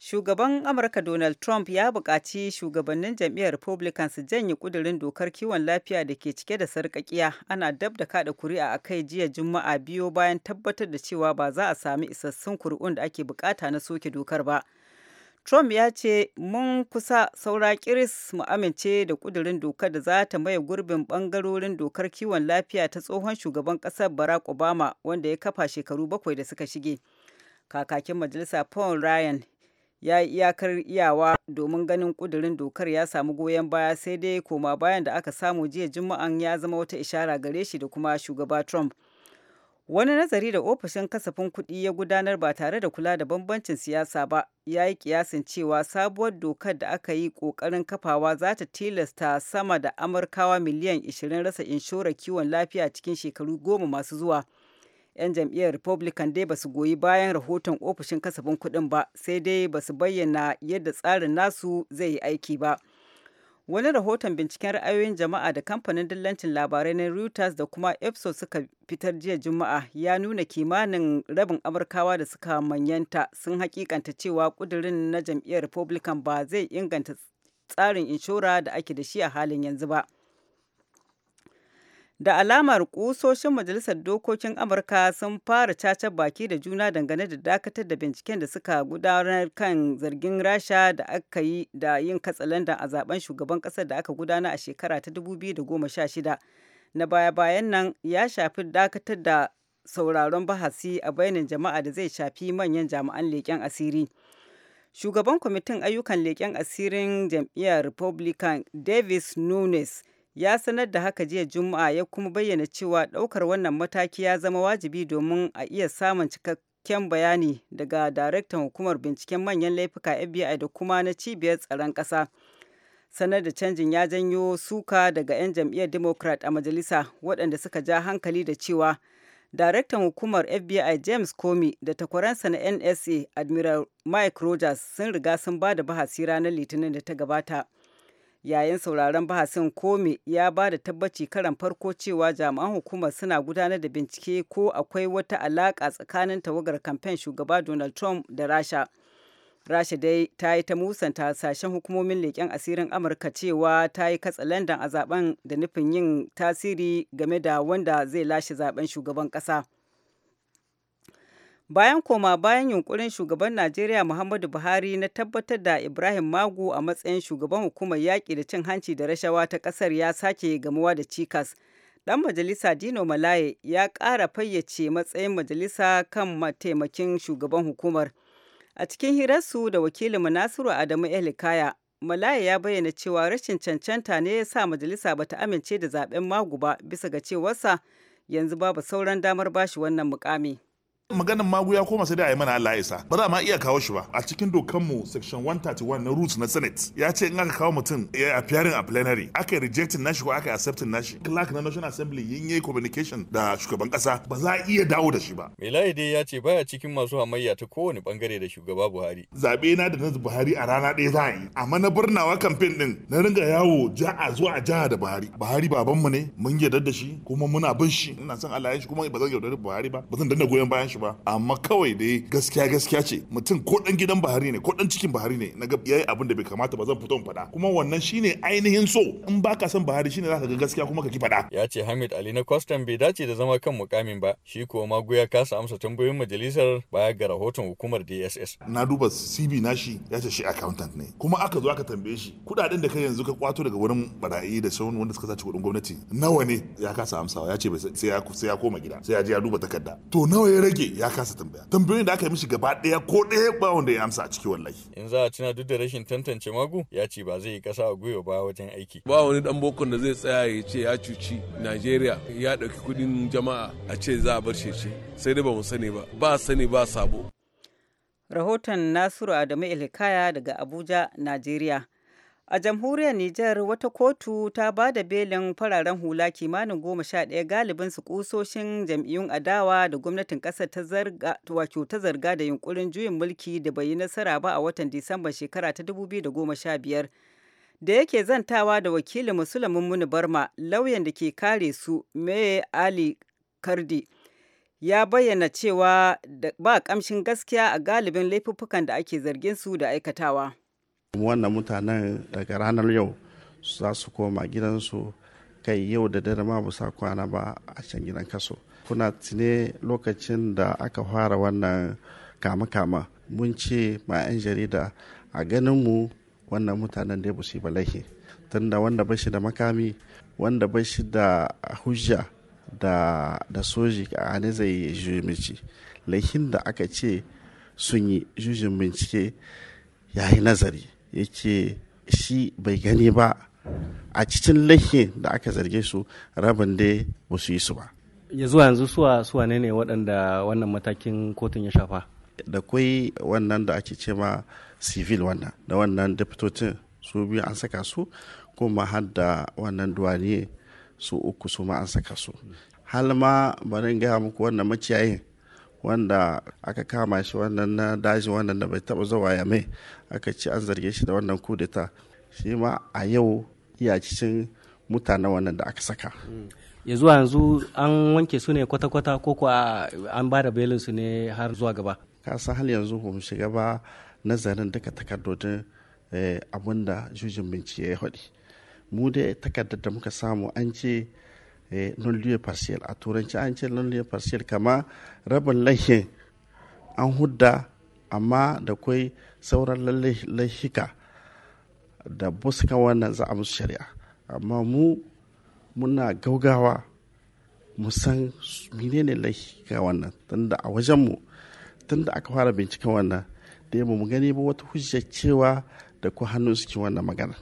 Shugaban Amurka Donald Trump ya buƙaci shugabannin jam'iyyar Republican su janye ƙudurin dokar kiwon lafiya da ke cike da sarƙaƙiya ana dab da kaɗa kuri'a a kai jiya Juma'a biyo bayan tabbatar da cewa ba za a sami isassun kuri'un da ake bukata na soke dokar ba. Trump ya ce mun kusa saura kiris mu amince da ƙudurin dokar da za ta maye gurbin ɓangarorin dokar kiwon lafiya ta tsohon shugaban ƙasar Barack Obama wanda ya kafa shekaru bakwai da suka shige. Kakakin majalisa Paul Ryan ya yi iyakar iyawa domin ganin kudirin dokar ya samu goyon baya sai dai koma bayan da aka samu jiya juma'an ya zama wata ishara gare shi da kuma shugaba trump wani nazari da ofishin kasafin kuɗi ya gudanar ba tare da kula da bambancin siyasa ba ya yi kiyasin cewa sabuwar dokar da aka yi ƙoƙarin kafawa za ta tilasta sama da amurkawa miliyan 20 rasa inshorar kiwon lafiya cikin shekaru goma masu zuwa 'yan jam'iyyar republican dai basu goyi bayan rahoton ofishin kasafin kuɗin ba sai dai basu bayyana yadda tsarin nasu zai yi aiki ba wani rahoton binciken ra'ayoyin jama'a da kamfanin dillancin labarai na reuters da kuma epso suka fitar jiya juma'a ya nuna kimanin rabin amurkawa da suka manyanta sun hakikanta cewa kudirin na jam'iyyar republican ba zai inganta tsarin inshora da ake da shi a halin yanzu ba. Da alamar kusoshin Majalisar Dokokin Amurka sun fara cacar baki da juna dangane da dakatar da binciken da suka gudanar kan zargin Rasha da aka yi da yin katsalandan a zaben shugaban ƙasar da aka gudana a shekara ta 2016. Na baya-bayan nan ya shafi dakatar da sauraron bahasi a bainin jama'a da zai shafi manyan jami'an leƙen asiri. Shugaban kwamitin ayyukan leƙen asirin jam'iyyar Republican Davis Nunes ya sanar da haka jiya Juma'a ya kuma bayyana cewa ɗaukar wannan mataki ya zama wajibi domin a iya samun cikakken bayani daga daraktan hukumar binciken manyan laifuka FBI da kuma na cibiyar tsaron ƙasa. sanar da canjin ya janyo suka daga 'yan jam'iyyar democrat a majalisa waɗanda suka ja hankali da cewa daraktan hukumar fbi james comey da takwaransa na nsa admiral mike rogers sun riga sun ba da bahasi ranar litinin da ta gabata yayin sauraron bahasin kome ya ba da tabbaci karan farko cewa jami'an hukumar suna gudanar da bincike ko akwai wata alaƙa tsakanin tawagar kamfen shugaba donald trump da rasha rasha dai ta yi ta musanta sashen hukumomin leƙen asirin amurka cewa ta yi katsalandan a zaben da nufin yin tasiri game da wanda zai lashe zaben shugaban ƙasa. bayan koma bayan yunkurin shugaban Najeriya Muhammadu Buhari na tabbatar da Ibrahim Magu a matsayin shugaban hukumar yaƙi da cin hanci da rashawa ta ƙasar ya sake gamuwa da cikas. Ɗan majalisa Dino Malaye ya ƙara fayyace matsayin majalisa kan mataimakin shugaban hukumar. A cikin hirarsu da wakilin Nasiru Adamu Elikaya, Malaye ya bayyana cewa rashin cancanta ne ya sa majalisa bata amince da zaben Magu ba bisa ga cewarsa yanzu babu sauran damar bashi wannan mukami. maganin magu ya koma sai dai a yi mana Allah ya isa ba za ma iya kawo shi ba a cikin dokanmu section 131 na rules na senate ya ce in aka kawo mutum ya appearing a plenary aka rejecting nashi ko aka accepting nashi clerk na national assembly yin yayi communication da shugaban kasa ba za a iya dawo da shi ba Melaye dai ya ce baya cikin masu hamayya ta kowane bangare da shugaba Buhari zabe na da na Buhari a rana ɗaya za a yi amma na burnawa campaign din na ringa yawo ja'a zuwa a jaha da Buhari Buhari babanmu ne mun yarda da shi kuma muna bin shi ina son Allah ya shi kuma ba zan yarda da Buhari ba ba zan danna goyon bayan shi shi ba amma kawai dai gaskiya gaskiya ce mutum ko dan gidan bahari ne ko dan cikin bahari ne naga yayi abin da bai kamata ba zan fito in faɗa kuma wannan shine ainihin so in baka son bahari shine zaka ga gaskiya kuma ka ki faɗa ya ce Hamid Ali na Kwastam bai dace da zama kan mukamin ba shi kuwa ma guya kasa amsa tambayoyin majalisar baya ga rahoton hukumar DSS na duba CV nashi ya ce shi accountant ne kuma aka zo aka tambaye shi kudaden da kai yanzu ka kwato daga wurin barayi da sauran wanda suka sace kudin gwamnati nawa ne ya kasa amsawa ya ce sai ya koma gida sai ya je ya duba takarda to nawa ya rage ya kasa tambaya tambayoyin da aka yi mishi gaba ɗaya ko daya ba wanda ya amsa a ciki wallahi in za a tuna duk da rashin tantance magu ya ce ba zai yi kasa a gwiwa ba wajen aiki ba wani dan bokon da zai tsaya ya ce ya cuci Najeriya ya ɗauki kuɗin jama'a a ce za a bar shi sai dai ba mu sani ba ba sani ba sabo rahoton Nasiru Adamu Ilkaya daga Abuja Najeriya A jamhuriyar Nijar wata kotu ta ba da belin fararen hula kimanin goma sha ɗaya galibin su kusoshin jam'iyyun adawa da gwamnatin ƙasa ta zarga ta zarga da yunkurin juyin mulki da bai yi nasara ba a watan disamba shekara ta 2015. Da yake zantawa da wakilin Musulmin Muni Barma lauyan da ke kare su Meye Ali Kardi. ya bayyana cewa ba ƙamshin gaskiya a galibin laifuffukan da ake zargin su da aikatawa. wannan mutanen daga ranar yau za su koma gidansu kai yau da dare ma ba kwana ba a can gidan kaso kuna tine lokacin da aka fara wannan kama-kama mun ce ma 'yan jarida a ganinmu wannan mutanen da ba su yi balahi tunda wanda ba shi da makami wanda ba shi da hujja da, da soji a ne zai yi mici laifin da aka ce sun yi jujin bincike ya yi nazari Ya ce shi bai gani ba a cikin laifin da aka zarge su rabin dai ba su yi su ba ya zuwa yanzu suwa suwa ne ne waɗanda wannan matakin kotun ya shafa da kwai wannan da ake ce ma civil wannan da wannan deputotin su biyu an saka su kuma har da wannan duwaniye su uku su ma an saka su hal ma bari gaya muku wannan maciyayin wanda aka kama shi wannan na daji wannan da bai taba zuwa ya mai aka ci an zarge shi da wannan kudeta shi ma a yau iya cikin mutanen wannan da aka saka ya zuwa yanzu an wanke su ne kwata-kwata ko kuwa an ba da belin su ne har zuwa gaba ka san hal yanzu ba mu shiga ba nazarin duka takardodin eh, abin da jujin bincike ya haɗi mu dai takardar da muka samu an ce Eh, non lieu partiel a turanci an ce non lieu partiel kama rabin lahi an hudda amma da kwai sauran lahika da buska wannan za a musu shari'a amma mu muna gaugawa mu san menene lahika wannan tunda a wajenmu tunda aka fara binciken wannan da mu gani ba wata hujjar cewa da ku hannun suke wannan magana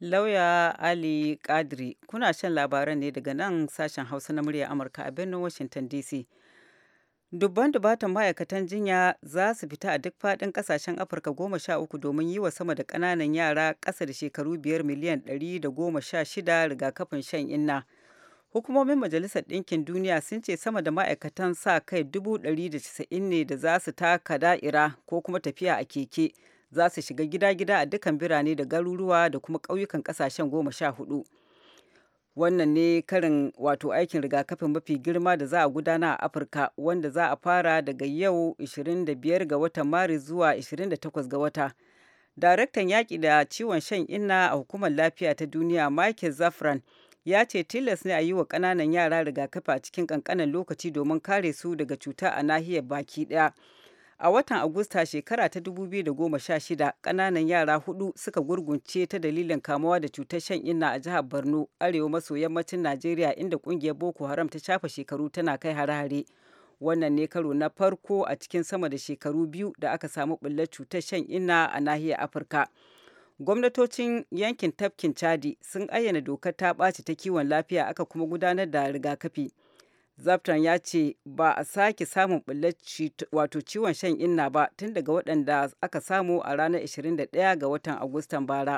Lauya Ali Kadri, kuna shan labaran ne daga nan sashen Hausa na murya Amurka a birnin Washington DC. Dubban dubatan ma'aikatan jinya za su fita a duk faɗin ƙasashen Afirka goma sha uku domin yi wa sama da ƙananan yara ƙasa da shekaru biyar miliyan ɗari da goma sha shida rigakafin shan inna. Hukumomin Majalisar Ɗinkin Duniya sun ce sama da ma'aikatan sa kai dubu ɗari da casa'in ne da za su taka da'ira ko kuma tafiya a keke za su shiga gida-gida a dukkan birane da garuruwa da kuma ƙauyukan ƙasashen goma sha hudu. Wannan ne karin wato aikin rigakafin mafi girma da za a gudana a Afirka wanda za a fara daga yau 25 ga watan Maris zuwa 28 ga wata. Daraktan yaƙi da ciwon shan inna a hukumar lafiya ta duniya Michael Zafran ya ce tilas ne a yi wa ƙananan yara rigakafi a cikin ƙanƙanan lokaci domin kare su daga cuta a nahiyar baki ɗaya. a watan agusta shekara ta 2016 kananan yara hudu suka gurgunce ta dalilin kamuwa da cutar shan inna a jihar borno arewa maso yammacin najeriya inda kungiyar boko haram ta shafa shekaru tana kai hare-hare wannan ne karo na farko a cikin sama da shekaru biyu da aka samu bullar cutar shan inna a nahiyar afirka gwamnatocin yankin tafkin chadi sun ayyana dokar ta ɓaci ta kiwon lafiya aka kuma gudanar da rigakafi. Zaftan ya ce ba a sake samun bullaci wato ciwon shan inna ba tun daga waɗanda aka samu a ranar 21 ga watan Agustan bara.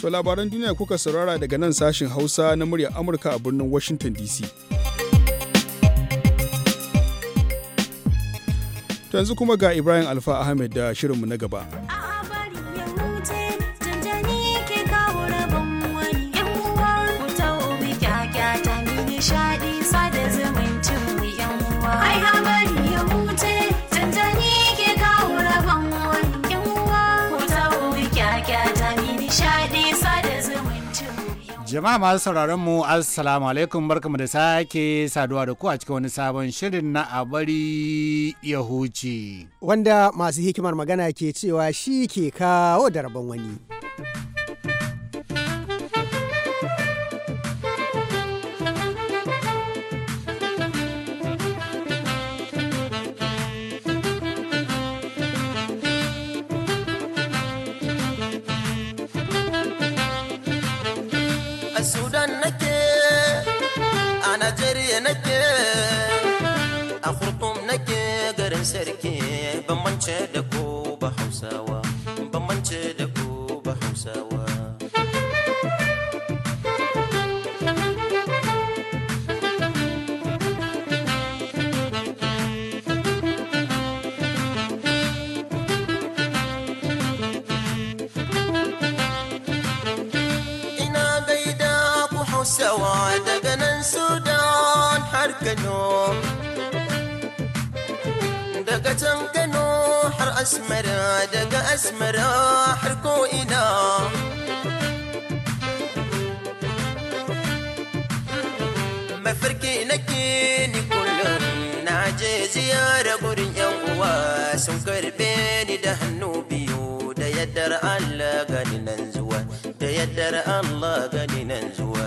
To labaran duniya kuka saurara daga nan sashin Hausa na muryar Amurka a birnin Washington DC. To yanzu kuma ga Ibrahim Alfa Ahmed da shirinmu na gaba. Jama'a masu sauraron mu Assalamu alaikum barkamu da sake saduwa da ku a cikin wani sabon shirin na a bari ya Wanda masu hikimar magana ke cewa shi ke kawo da rabon wani. I'm said asmara har ko ina mafarki nake ni kullum na je ziyara gurin yan uwa sun karbe ni da hannu biyu da yaddar Allah gani nan zuwa da yaddar Allah gani nan zuwa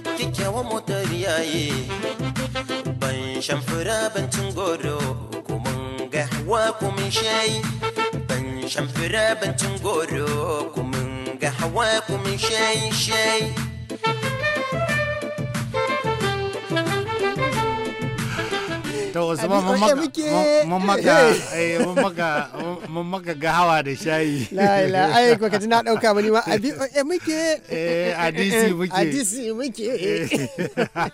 kyakkyawan motar yaye ban shan fura ban goro ko mun ga hawa ko mun shayi ban shan fura ban goro ko mun ga hawa ko mun shayi shayi to wasu ma mun maka eh, mun maka gahawa da shayi la la ai ko ka ji na dauka bani ma abi e muke eh adisi eh, muke adisi muke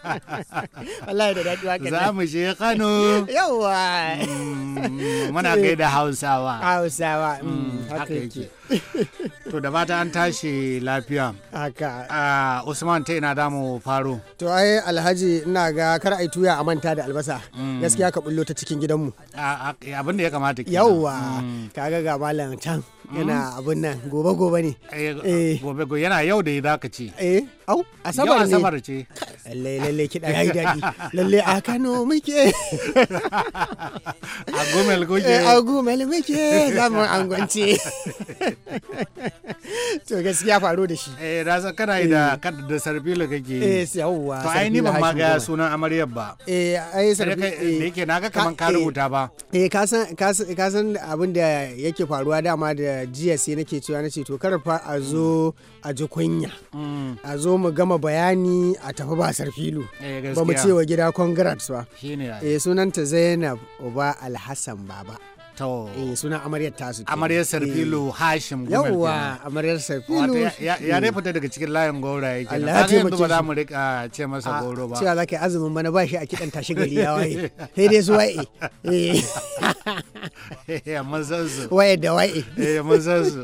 wallahi da dadi waka za mu je Kano yawa mm, muna kai da Hausawa Hausawa mm, mm, haka yake to da fata an tashi lafiya haka usman ta ina damu faro to ai alhaji ina ga kar ai tuya a manta da albasa gaskiya ka bullo ta cikin gidanmu eh, abin da ya kamata ke yawwa mm. kaga ga malam can yana mm. abin nan gobe gobe ne eh, gobe gobe yana yau da ya ka ce eh au asabar ne asabar ce lalle lalle kiɗa ya yi daɗi lalle a kano muke a gomel goge eh, a gomel muke zamu angwance to gaskiya faru da shi eh da san kana da eh. kada da sarbila kake eh yawwa to ai ni ban ma ga sunan amarya ba eh ai sarbila eh, ne yake naga kaman ka rubuta ba eh ka san ka san abin da yake faruwa dama da jiya sai nake cewa nace to kar fa a zo a ji kunya mm. a zo mu gama bayani a tafi ba kasar filu eh, ba mu cewa gida congrats ba eh sunanta zainab uba alhassan baba to eh suna amaryar tasu amaryar sarfilu eh. hashim gumel yawwa amaryar sarfilu ya dai fita daga cikin layin gora yake Allah ya taimake ba za mu rika ce masa ah, goro ba cewa zaka azumin bana ba shi a kidan tashi gari ya waye sai dai su waye eh. a mazansu waye da waye eh mazansu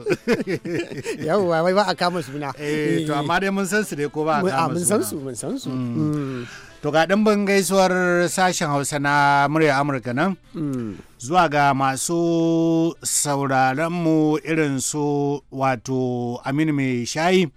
yawwa wai ba a kama na eh to amma dai mun san su dai ko ba a ah, kama suna mun san su mun san su mm. Mm. to ga dimbin gaisuwar sashen Hausa na murya Amurka nan mm. zuwa ga masu sauraronmu irin su wato aminu mai shayi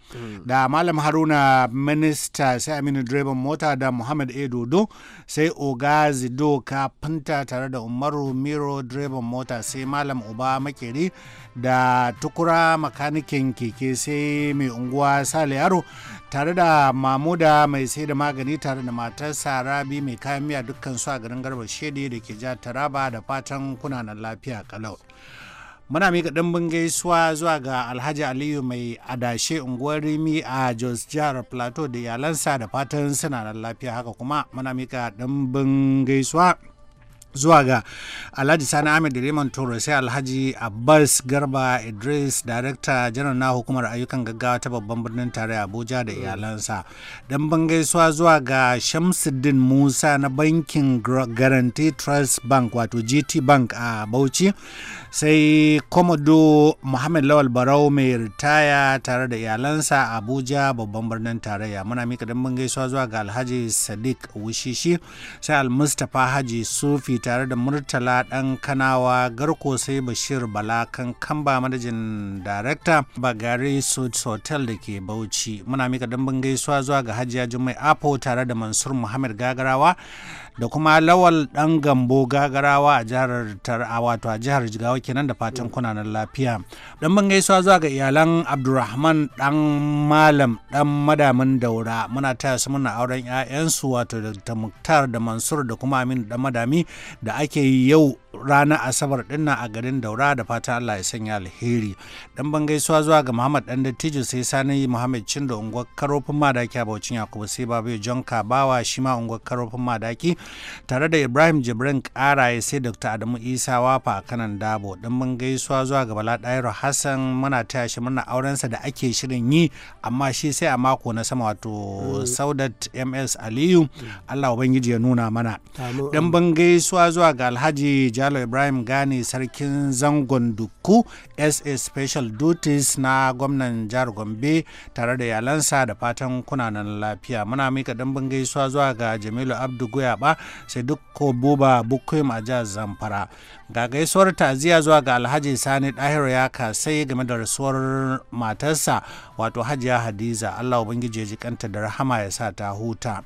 da malam haruna minista sai aminu direban mota da muhammad a dodo sai oga zido kafinta tare da umaru miro direban mota sai malam uba makeri da tukura makanikin keke sai mai unguwa sale yaro tare da mamuda mai sai da magani tare da matar Sarabi mai kayan miya dukkan su a garin garba shede da ke ja taraba da fata fatan kunanan lafiya kalau. Muna mika ɗimbin gaisuwa zuwa ga Alhaji Aliyu mai adashe unguwar Rimi a Jos Jihar Plateau da iyalansa da fatan suna nan lafiya haka kuma muna mika ɗimbin gaisuwa. zuwa ga alhaji sani ahmed da raymond toro sai alhaji abbas garba idris darakta janar na hukumar ayyukan gaggawa ta babban birnin tarayya abuja da iyalansa don ban gaisuwa zuwa ga shamsuddin musa na bankin guarantee trust bank wato gt bank a bauchi sai komodo muhammad lawal barau mai ritaya tare da iyalansa abuja babban birnin tarayya muna mika don ban gaisuwa zuwa ga alhaji sadiq wushishi sai almustapha haji sufi tare da murtala ɗan kanawa garko sai bashir bala kan kamba madajin Darekta bagare suits hotel da ke bauchi muna mika dambin gaisuwa zuwa ga hajiya jummai apo tare da mansur muhammad gagarawa da kuma lawal dan gambo gagarawa a jihar tar'awa wato a jihar jigawa kenan da fatan kunanan lafiya dan ban gaisuwa zuwa ga iyalan abdurrahman dan malam dan madamin daura muna taya su muna auren 'ya'yansu wato da muktar da mansur da kuma aminu dan madami da ake yi yau rana asabar dinnan a garin daura da fatan allah ya sanya alheri dan ban gaisuwa zuwa ga muhammad dan dattijo sai sani muhammad cindo unguwar karofin madaki a bauchin yakubu sai babu john kabawa shi ma unguwar karofin madaki tare da ibrahim jibrin karaye sai dr adamu isa wafa a kanan dabo mun gaisuwa zuwa ga bala ɗairo hassan muna ta shi murna aurensa da ake shirin yi amma shi sai a mako na sama wato mm. saudat ms aliyu mm. allah ubangiji ya nuna mana mun gaisuwa zuwa ga alhaji jalo ibrahim gani sarkin zangon duku sa special duties na gwamnan jihar gombe tare da yalansa da fatan kunanan lafiya muna mika dimbin gaisuwa zuwa ga jamilu abdu guyaba sai duk ko boba a jihar zamfara ga gaisuwar ta'aziyya zuwa ga alhaji sani ɗahir ya kasai game da rasuwar matarsa wato hajiya hadiza allah ubangiji ya ji kanta da rahama ya sa ta huta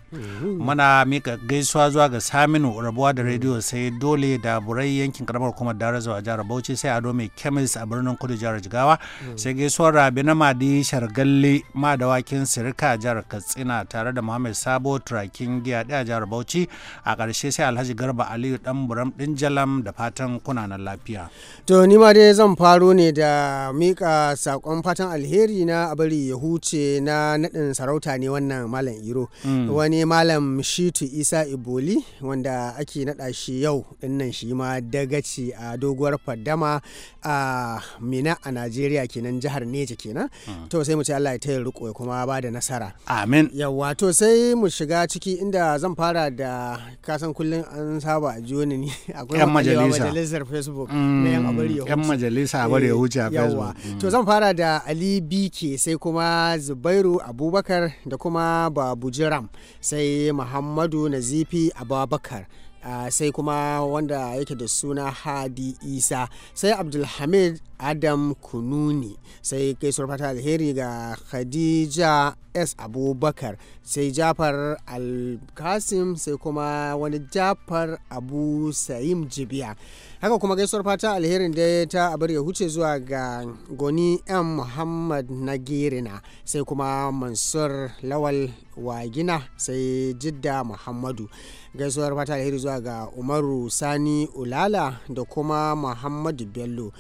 muna mika gaisuwa zuwa ga saminu rabuwa da rediyo mm. sai dole da burai yankin karamar kuma daraza a jihar bauchi sai ado mai kemis a birnin kudu jihar jigawa mm. sai gaisuwar rabi na madi shargalle madawakin sirika a jihar katsina tare da muhammad sabo turakin giya a jihar bauchi a ƙarshe sai alhaji garba aliyu dan buram din jalam da fatan fatan kuna lafiya. To ni ma dai zan faro ne da mika sakon fatan alheri na abari ya huce na naɗin sarauta ne wannan malam Iro. Mm. Wani malam Shitu Isa Iboli wanda ake naɗa shi yau dinnan shi ma dagaci a doguwar faddama a Mina a Najeriya kenan jihar Neja kenan. Mm. To sai mu ce Allah ya riko kuma ba da nasara. Amin. Yawwa to sai mu shiga ciki inda zan fara da kasan kullum an saba a ne akwai majalisa majalisar facebook na yan abari ya yan majalisa abari ya a eh, facebook mm. to zan fara da ali bike sai kuma zubairu abubakar da kuma babu jiram sai muhammadu nazifi abubakar ah, sai kuma wanda yake da suna hadi isa sai abdulhamid adam kununi sai gaisuwar surfata alheri ga khadija s abubakar sai jafar alkasim sai kuma wani jafar abu sayim jibiya haka kuma gaisuwar fata alherin da ta abar ya huce zuwa ga goni yan muhammad na girina sai kuma mansur lawal wagina sai jidda muhammadu gaisuwar fata alheri zuwa ga umaru sani ulala da kuma muhammadu bello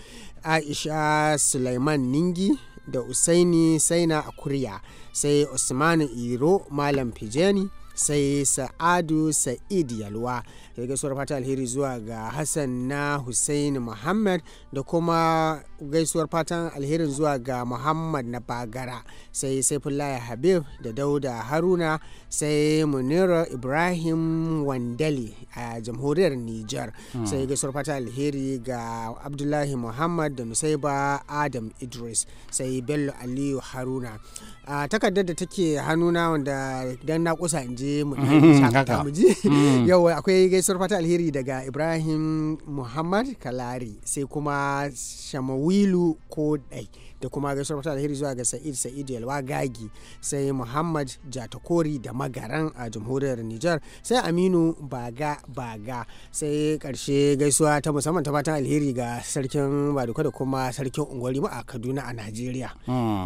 aisha suleiman ningi da usaini saina akuriya sai usmanu iro malam fijeni sai sa'adu sa'id yalwa da gaisuwar fata alheri zuwa ga hassan na hussein muhammad da kuma gaisuwar fatan alherin zuwa ga muhammad na bagara sai saifullahi habib da dauda haruna sai munir ibrahim wandali a jamhuriyar niger hmm. sai gaisuwar fata alheri ga abdullahi muhammad da nusaiba adam idris sai bello aliyu haruna a takardar da take hannuna wanda dan na kusa in je Mm-hmm, mu ji mm. yau akwai gaisuwar fata alheri daga ibrahim muhammad kalari sai kuma shamawilu ko dai da kuma gaisuwar fata alheri zuwa ga sa'id sa'id yalwa gagi sai muhammad jatakori da magaran a jamhuriyar nijar sai aminu baga baga sai karshe gaisuwa ta musamman ta fatan alheri ga sarkin baduka da kuma sarkin ungwari a kaduna a najeriya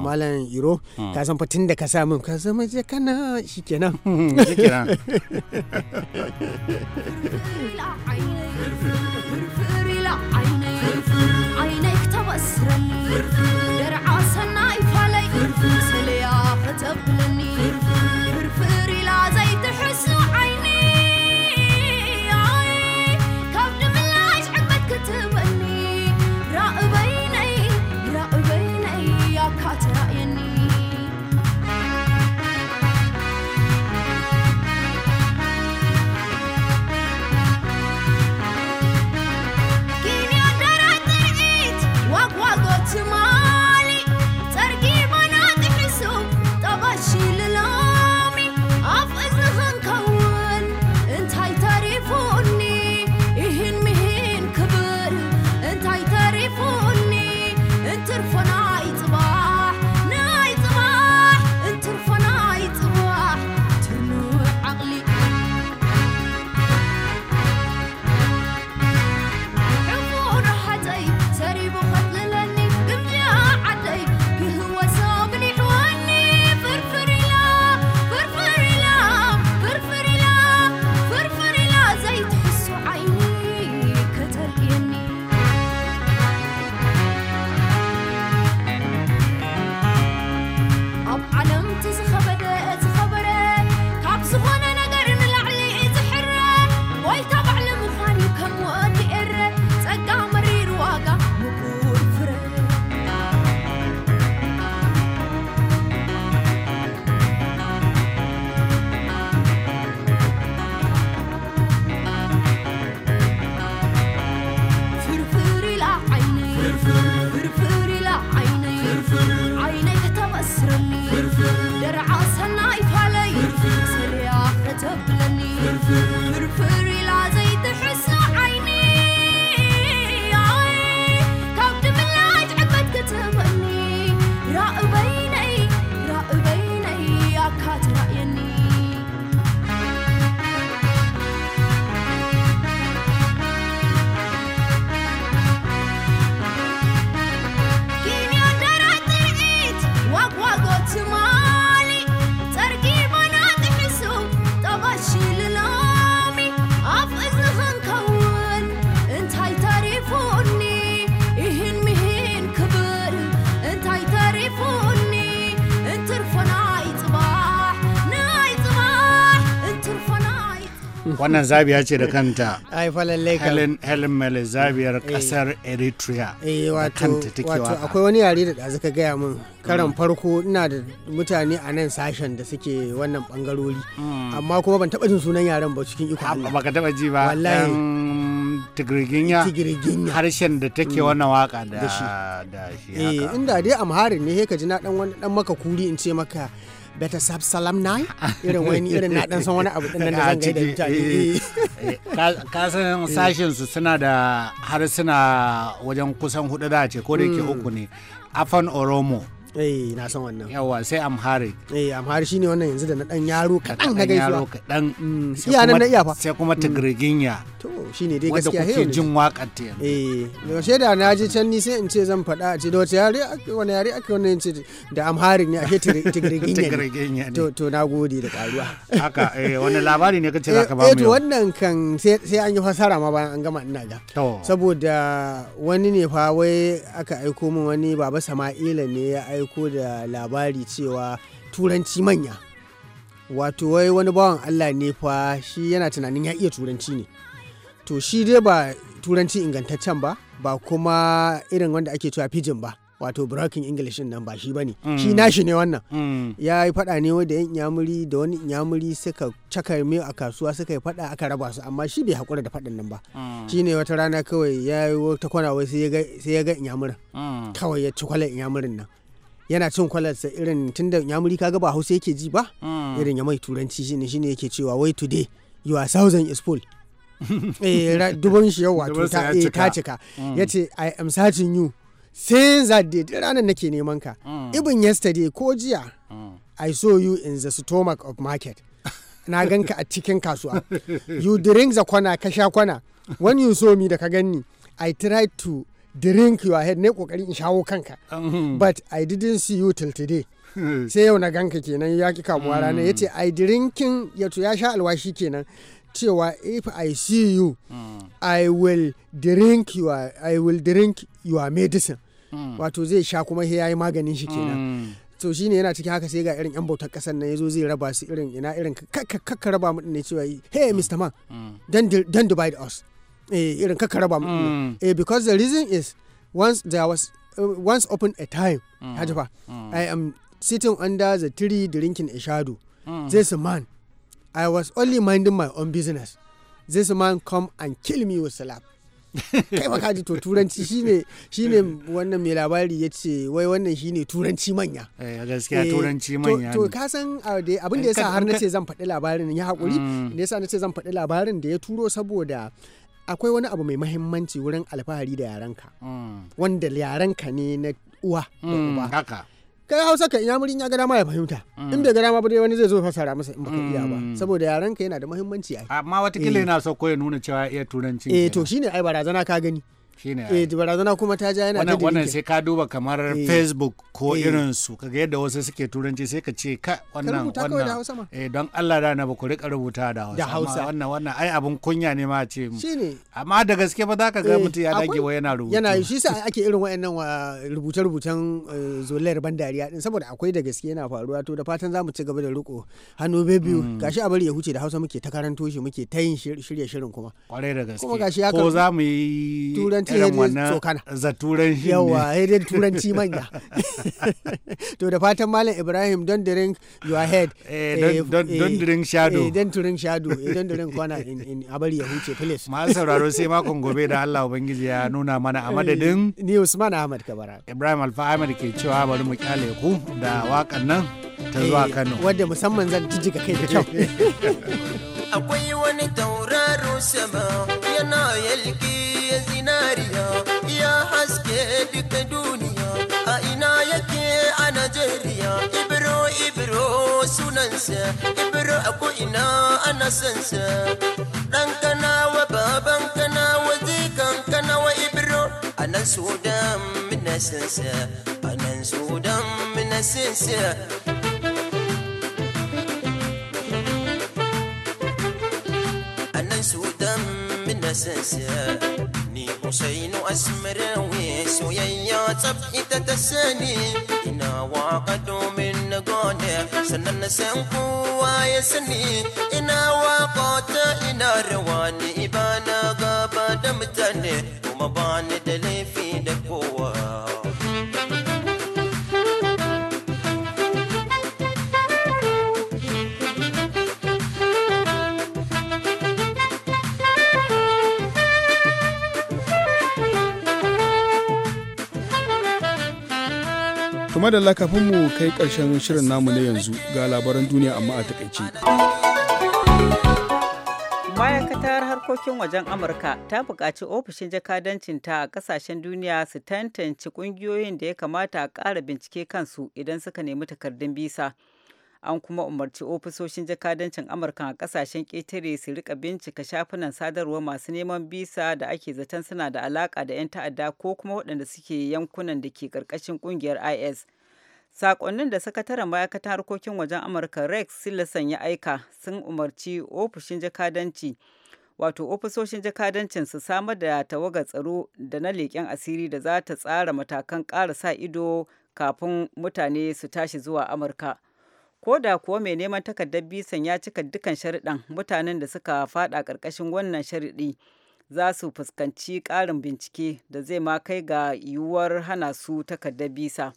malam iro ka san fatin da ka samu ka zama je kana shikenan shikenan عينيك تبصرني Christmas. wannan zabiya ce da kanta ai falalle helen helen mele zabiyar kasar eh. eritrea eh wato wato akwai wani yare da ɗazu ka gaya min karan mm. farko ina da mutane a nan sashen da suke wannan bangarori mm. amma kuma ban taɓa jin sunan yaren ba cikin iko Allah ka taɓa ji ba wallahi tigirginya harshen da take mm. wani waka da shi eh, inda dai amharin ne ka ji na dan wani dan maka kuri in ce maka better sab salam na irin wani irin na dan san wani abu din da zan gaida mutane eh. Eh, ka san eh. sashin su suna da harsuna wajen kusan hudu da ce ko da ke hmm. uku ne afan oromo eh na san wannan yawa sai amharic eh amharic shine wannan yanzu da na dan yaro kadan na mm, gaisuwa kadan iya nan na iya fa sai kuma mm. tigriginya to shine dai gaskiya wanda kuke jin wakar ta yanzu eh yaushe da na ji can ni sai in ce zan faɗa a ce da wace yare ake wani yare ake wani wannan ce da amharic ne ake tigriginya ne to to na gode da karuwa haka eh wani labari ne kace zaka ba mu eh, eh to wannan kan sai an yi fasara ma bayan an gama ina ga to saboda wani ne fa wai aka aiko min wani baba sama'ila ne ya aiko Ko da labari cewa turanci manya wato wai wani bawan allah ne fa shi yana tunanin ya iya turanci ne to shi dai ba turanci ingantaccen ba ba kuma irin wanda ake cewa pidgin ba wato broken english nan ba shi bane mm. shi nashi ne wannan mm. ya yi fada ne wadda yan inyamuri da wani yamuri suka cakar mai a kasuwa suka yi fada aka raba su amma shi bai hakura da fadan nan ba mm. shi ne wata rana kawai ya yi wata kwana sai ya ga inyamurin kawai ya ci kwalar inyamurin nan yana cin kwalarsa irin tunda nyamuri kaga ba hausa yake ji ba hmm. irin ya mai turanci shine shine yake cewa wai today you are thousand is full eh shi yau wato eh, ta cika hmm. yace i am searching you since that day ranar nake neman ka hmm. even yesterday ko jiya i saw you in the stomach of market na gan ka a cikin kasuwa you drink the kwana ka sha kwana when you saw me da ka ganni i tried to drink your head ne kokari in shawo kanka but i didn't see you till today sai yau na ganka kenan ya ki kamuwa rana hmm. ya ce i drinking yato ya sha alwashi kenan cewa if i see you hmm. i will drink your i will drink your medicine hmm. wato zai sha kuma ya yi maganin shi kenan to shi yana ciki haka sai ga irin yan bautar kasar nan yazo zai raba su irin ina irin kakka raba mu ne cewa hey mr man don't divide us eh irin kaka raba mu mm. eh because the reason is once there was uh, once upon a time mm. hajifa mm. i am sitting under the tree drinking a shadow mm. this man i was only minding my own business this man come and kill me with slap kai baka kaji to turanci shine shine wannan mai labari ya ce wai wannan shine turanci manya eh gaskiya eh, turanci manya to ka san ah, abin da eh, yasa har nace zan faɗi labarin ya haƙuri da mm. yasa nace zan faɗi labarin da ya turo saboda akwai wani abu mai mahimmanci wurin alfahari da yarenka mm. wanda yarenka ne na uwa da mm, kai hausa ka ina murin ya ga dama ya fahimta mm. in bai ga dama ba dai wani zai zo fasara masa in baka iya ba saboda yaren ka yana da muhimmanci ai amma watakila eh. yana so ya nuna cewa iya turanci eh to shine ai barazana ka gani eh barazana kuma ta ja yana wannan wannan sai ka duba kamar eh. facebook ko eh. irin su kaga yadda wasu suke turanci sai ka ce ka wannan wannan eh don Allah da na ba ku rika rubuta da Hausa wannan wannan ai abun kunya ne ma ce shine amma da gaske ba za ka ga eh, mutum ya dage wa yana rubutu yana shi sai ake irin wayannan rubuce rubutan zolayar bandariya din saboda akwai da gaske yana faruwa to da fatan za mu ci gaba da riko hannu biyu hmm. gashi a bari ya huce da Hausa muke ta karanto shi muke ta yin shirye shirin kuma kwarai da gaske ko za mu yi an ce tsokana turan shi yawa hedin turanci manya to da fatan malam ibrahim don drink your head eh, don eh, drink eh, shadow don drink shadow don drink kwana in abari ya huce please ma sauraro sai makon gobe da allah ubangiji ya nuna mana a madadin ni usman ahmad kabara ibrahim alfa ahmad ke cewa bari mu kyale ku da wakan nan ta zuwa kano wadda musamman zan jijjiga kai da kyau akwai wani tauraro sama sa ibro a ko'ina ana son sa ɗan kanawa baban kanawa zikan kanawa ibro a nan sudan muna son sa a nan sudan muna son sa a nan sudan muna son sa ni حسين أسمراوي سويا تبكي تتساني إنا وعقدهم na gode sannan na san kowa ya sani ina waƙo ta ina rawa ni ba na gaba da mutane kuma ba ni madalla kafin mu kai karshen shirin namu na yanzu ga labaran duniya amma a takaice. ma'aikatar harkokin wajen amurka ta buƙaci ofishin jakadancin ta a ƙasashen duniya su tantance ƙungiyoyin da ya kamata a ƙara bincike kansu idan suka nemi takardun bisa an kuma umarci ofisoshin jakadancin amurka a ƙasashen ƙetare su rika bincika shafunan sadarwa masu neman bisa da ake zaton suna da alaƙa da 'yan ta'adda ko kuma waɗanda suke yankunan da ke ƙarƙashin ƙungiyar is Sakonnin da sakataren ma'aikatan harkokin wajen Amurka Rex Tillerson ya aika sun umarci ofishin jakadanci wato ofisoshin jakadancin su samar da tawaga tsaro da na leƙen asiri da za ta tsara matakan ƙara sa ido kafin mutane su tashi zuwa Amurka. Ko da kuwa mai neman takardar bisan ya cika dukkan sharuɗan mutanen da suka faɗa ƙarƙashin wannan sharuɗi za su fuskanci ƙarin bincike da zai ma kai ga yiwuwar hana su takardar bisa.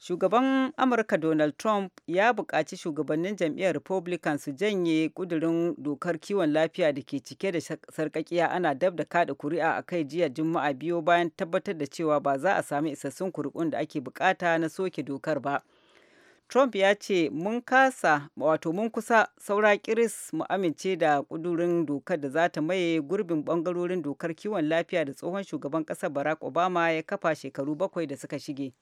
shugaban amurka donald trump ya buƙaci shugabannin jam'iyyar republican su janye ƙudurin dokar kiwon lafiya da ke cike da sarkakiya ana dab da kada kuri'a a kai jiya juma'a biyu bayan tabbatar da cewa ba za a sami isassun kuri'un da ake bukata na soke dokar ba trump ya ce mun kasa wato mun kusa saura kiris mu amince da ƙudurin dokar da za ta maye gurbin bangarorin dokar kiwon lafiya da tsohon shugaban ƙasar barack obama ya kafa shekaru bakwai da suka shige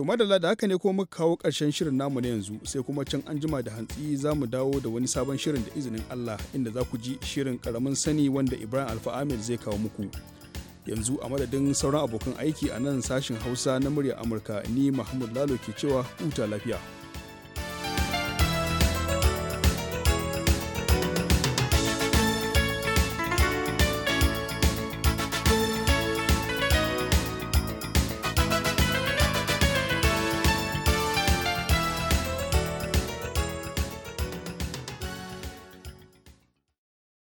To madalla da haka ne ko muka kawo ƙarshen shirin namu na yanzu sai kuma can anjima da hantsi za mu dawo da wani sabon shirin da izinin Allah inda za ku ji shirin karamin sani wanda Ibrahim Alfa Ahmed zai kawo muku. Yanzu a madadin sauran abokan aiki a nan sashin Hausa na murya Amurka ni Muhammad Lalo ke cewa huta lafiya.